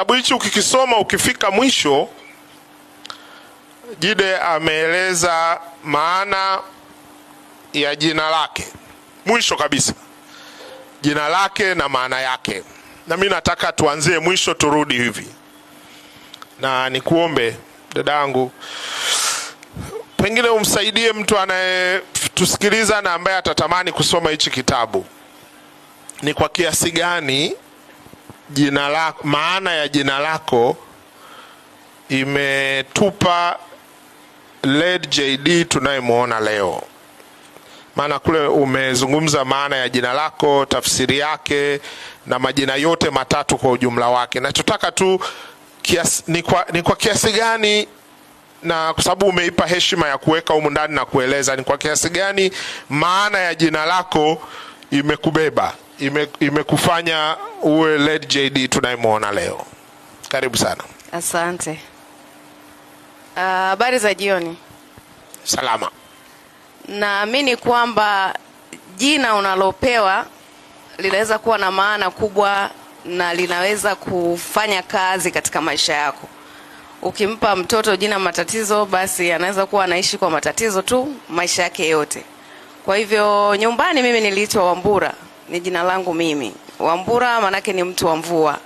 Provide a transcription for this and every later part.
Kitabu hichi ukikisoma ukifika mwisho, Jide ameeleza maana ya jina lake mwisho kabisa, jina lake na maana yake, na mi nataka tuanzie mwisho turudi hivi, na nikuombe dadangu, pengine umsaidie mtu anayetusikiliza na ambaye atatamani kusoma hichi kitabu, ni kwa kiasi gani jina lako, maana ya jina lako imetupa led JD tunayemwona leo, maana kule umezungumza maana ya jina lako, tafsiri yake na majina yote matatu kwa ujumla wake. Nachotaka tu kias, ni, kwa, ni kwa kiasi gani na kwa sababu umeipa heshima ya kuweka humu ndani na kueleza, ni kwa kiasi gani maana ya jina lako imekubeba ime, imekufanya uwe led JD tunayemwona leo. Karibu sana. Asante. Ah, habari uh, za jioni. Salama. Naamini kwamba jina unalopewa linaweza kuwa na maana kubwa na linaweza kufanya kazi katika maisha yako. Ukimpa mtoto jina Matatizo, basi anaweza kuwa anaishi kwa matatizo tu maisha yake yote. Kwa hivyo nyumbani mimi niliitwa Wambura, ni jina langu mimi. Wambura manake ni mtu wa mvua,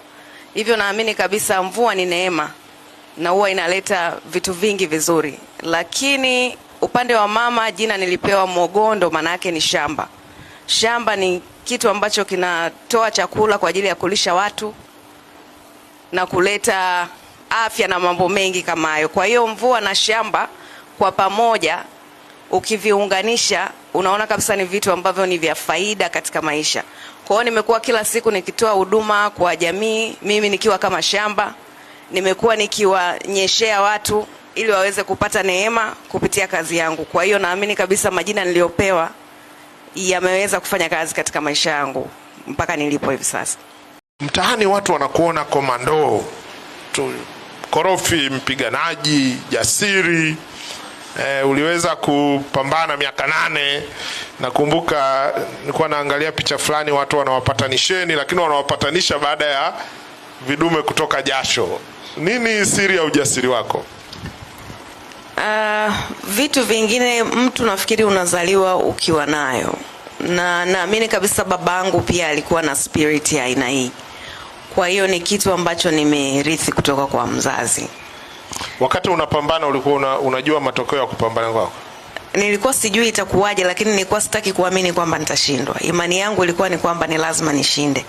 hivyo naamini kabisa mvua ni neema na huwa inaleta vitu vingi vizuri, lakini upande wa mama jina nilipewa Mogondo, manake ni shamba. Shamba ni kitu ambacho kinatoa chakula kwa ajili ya kulisha watu na kuleta afya na mambo mengi kama hayo. Kwa hiyo mvua na shamba kwa pamoja ukiviunganisha unaona kabisa ni vitu ambavyo ni vya faida katika maisha. Kwa hiyo nimekuwa kila siku nikitoa huduma kwa jamii, mimi nikiwa kama shamba, nimekuwa nikiwanyeshea watu ili waweze kupata neema kupitia kazi yangu. Kwa hiyo naamini kabisa majina niliyopewa yameweza kufanya kazi katika maisha yangu mpaka nilipo hivi sasa. Mtaani watu wanakuona komando tu, korofi, mpiganaji jasiri e, uliweza kupambana miaka nane. Nakumbuka nilikuwa naangalia picha fulani, watu wanawapatanisheni, lakini wanawapatanisha baada ya vidume kutoka jasho. Nini siri ya ujasiri wako? Uh, vitu vingine mtu nafikiri unazaliwa ukiwa nayo, na naamini kabisa babangu pia alikuwa na spirit ya aina hii, kwa hiyo ni kitu ambacho nimerithi kutoka kwa mzazi. Wakati unapambana ulikuwa una, unajua matokeo ya kupambana kwako? Nilikuwa sijui itakuwaje, lakini nilikuwa sitaki kuamini kwamba nitashindwa. Imani yangu ilikuwa ni kwamba ni lazima nishinde.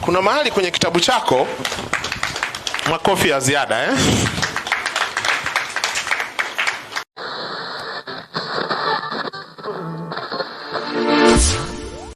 Kuna mahali kwenye kitabu chako makofi ya ziada eh?